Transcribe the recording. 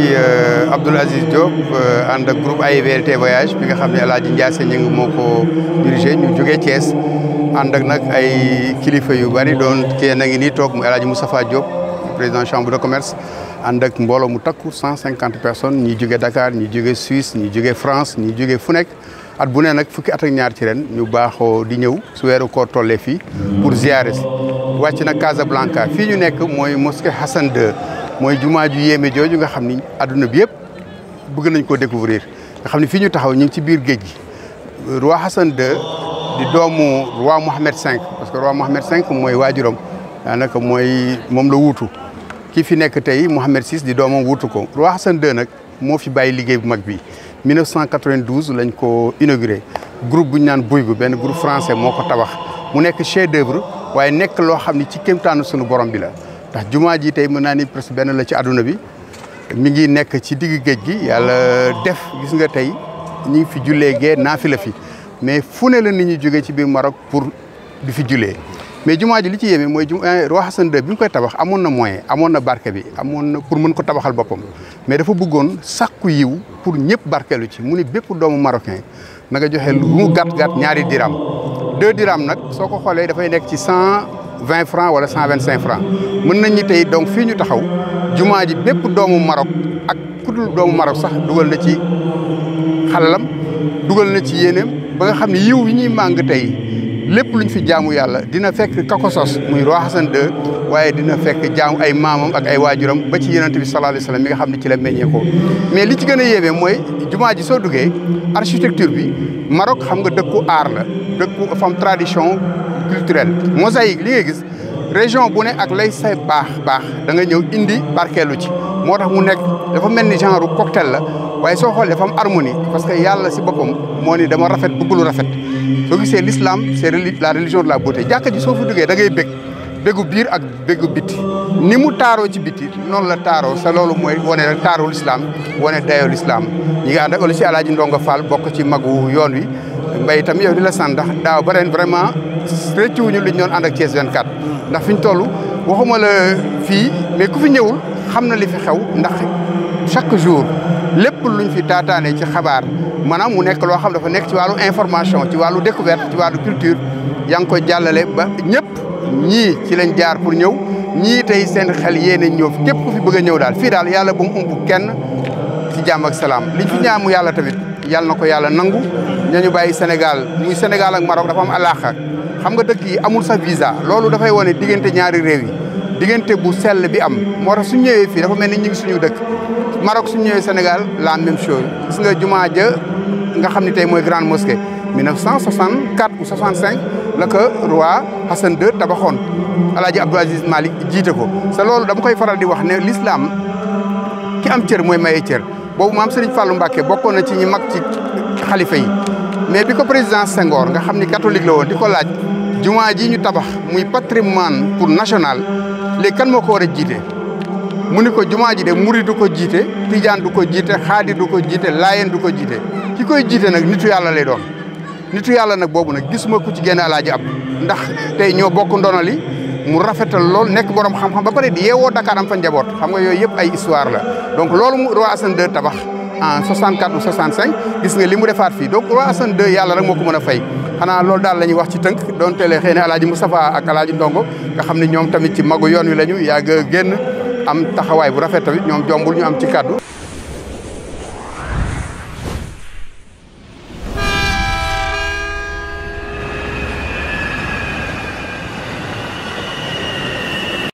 ci euh, Abdoul Aziz Diop euh, ànd ak groupe voyage bi nga xam ne El Hadj Ndiasse ñu ngi moo ko dirigé ñu jógee Thiès ànd ak nag ay kilifa yu bari doon kenn a ngi ni toog mu El Hadj Moustapha Diop président chambre de commerce ànd ak mbooloo mu takku cent cinquante personnes ñi jógee Dakar ñi jógee Suisse ñi jógee France ñi jógee fu nekk at bu ne nag fukki at ñaar ci ren ñu baaxoo di ñëw su weeru koor tollee fii pour ziyaare si wàcc nag Casablanca fii ñu nekk mooy mosquée Hassan II mooy jumaa ju yéeme jooju nga xam ni adduna bi yëpp bëgg nañ ko découvrir nga xam ni fii ñu taxaw ñu ngi ci biir géej gi roi Hassan II di doomu roi Mohammed V parce que roi Mohammed V mooy waajuram daanaka mooy moom la wuutu ki fi nekk tey Mohammed VI di doomam wuutu ko roi Hassan II nag moo fi bàyyi liggéey bu mag bi 1992 lañ ko inauguré groupe bu ñu naan Bouygues benn groupe français moo ko tabax mu nekk chef d'œuvre waaye nekk loo xam ne ci kéemtaanu sunu borom bi la ndax jumaa ji tey mën naa ni presque benn la ci àdduna bi mi ngi nekk ci digg géej gi yàlla def gis nga tey ñu fi jullee gee naa fi la fi mais fu ne la nit ñi jógee ci biir Maroc pour di fi jullee mais jumaa ji li ci yéeme mooy eh, roi Hassan II bi mu koy tabax amoon na moyen amoon na barke bi amoon na pour mën ko tabaxal boppam mais dafa bëggoon sàkku yiw pour ñëpp barkeelu ci mu ni bépp doomu marocain na nga joxe lu mu gàtt gàtt ñaari diram deux diram nag soo ko vingt franc wala cent vingt cinq franc mën nañ ñi tey donc fii ñu taxaw jumaa ji bépp doomu Maroc ak ku doomu Maroc sax dugal na ci xalalam dugal na ci yéeneem ba nga xam ne yiw yi ñuy màng tey lépp luñ fi jaamu yàlla dina fekk ka sos muy roi Hassan II waaye dina fekk jaamu ay maamam ak ay waajuram ba ci yonent bi sallallahu alayhi wasallam mi nga xam ne ci la meññeekoo mais li ci gën a yéeme mooy jumaa ji soo duggee architecture bi Maroc xam nga dëkku aar la dëkku fam tradition culturelle mosaïque li ngay gis région bu ne ak lay say baax baax da nga ñëw indi barkeelu ci moo tax mu nekk dafa mel ni genre cocktail la waaye soo xoolee dafa am harmonie parce que yàlla si boppam moo ni dama rafet bëgg lu rafet. soo gisee l'islam c'est la religion de la beauté jàkka ji soo fa duggee da ngay bég bégu biir ak bégu biti ni mu taaroo ci biti noon la taaroo sa loolu mooy wane rek taaroo l'islam wane dayoo l'islam ñi nga ànd ak si Alaaji Ndongo Fall bokk ci magu yoonwi wi. mbay itam yow di la sant ndax daaw ba ren vraiment rëccuwuñu li ñu doon ànd ak Thiès 24 ndax fi ñu toll waxuma la fii mais ku fi xam na li fi xew ndax chaque jour lépp luñ fi taataane ci xabaar maanaam mu nekk loo xam dafa nekk ci wàllu information ci wàllu découverte ci wàllu culture yaa ngi koy jàllale ba ñëpp ñii ci lañ jaar pour ñëw ñii tey seen xel yéene ñëw képp ku fi bëgg a ñëw daal fii daal yàlla bu mu ump kenn ci jàmm ak salaam liñ fi ñaamu yàlla tamit yàlla na ko yàlla nangu ñañu bàyyi Sénégal muy Sénégal ak Maroc dafa am alaaka xam nga dëkk yi amul sax visa loolu dafay wane diggante ñaari yi diggante bu sel bi am moo tax suñu ñëwee fii dafa mel ni ñu suñu dëkk Maroc suñu ñëwee Sénégal la même chose gis nga jumaa ja nga xam ne tey mooy grande mosquée 1964 ou 65 la ko roi Hassan II tabaxoon alaaji Abdou Aziz Malick jiite ko sa loolu dama koy faral di wax ne l'islam ki am cër mooy maye cër boobu maam Serigne Fallou Mbacké bokkoon na ci ñi mag ci xalifa yi mais bi ko président Senghor nga xam ni catholique la woon di ko laaj jumaa ji ñu tabax muy patrimoine pour national léegi kan moo ko war a jiite mu ni ko jumaa ji de murid du ko jiite tijaan du ko jiite xaadir du ko jiite laayeen du ko jiite ki koy jiite nag nitu yàlla le doon nitu yàlla nag boobu nag gisuma ku ci génn alaaji ab ndax tey ñoo bokk li mu rafetal lool nekk borom xam-xam ba pare di yeewoo Dakar am fa njaboot xam nga yooyu yëpp ay histoire la donc loolu mu roi Assane 2 tabax en 64 ou 65 gis nga li mu defaat fii donc roi Assane 2 yàlla rek moo ko mën a fay xanaa loolu daal la ñuy wax ci tënk donte lee xëy na alaaji Moustapha ak alaaji Ndongo nga xam ne ñoom tamit ci magu yoon wi la ñu yàgg génn am taxawaay bu rafet tamit ñoom jombul ñu am ci kàddu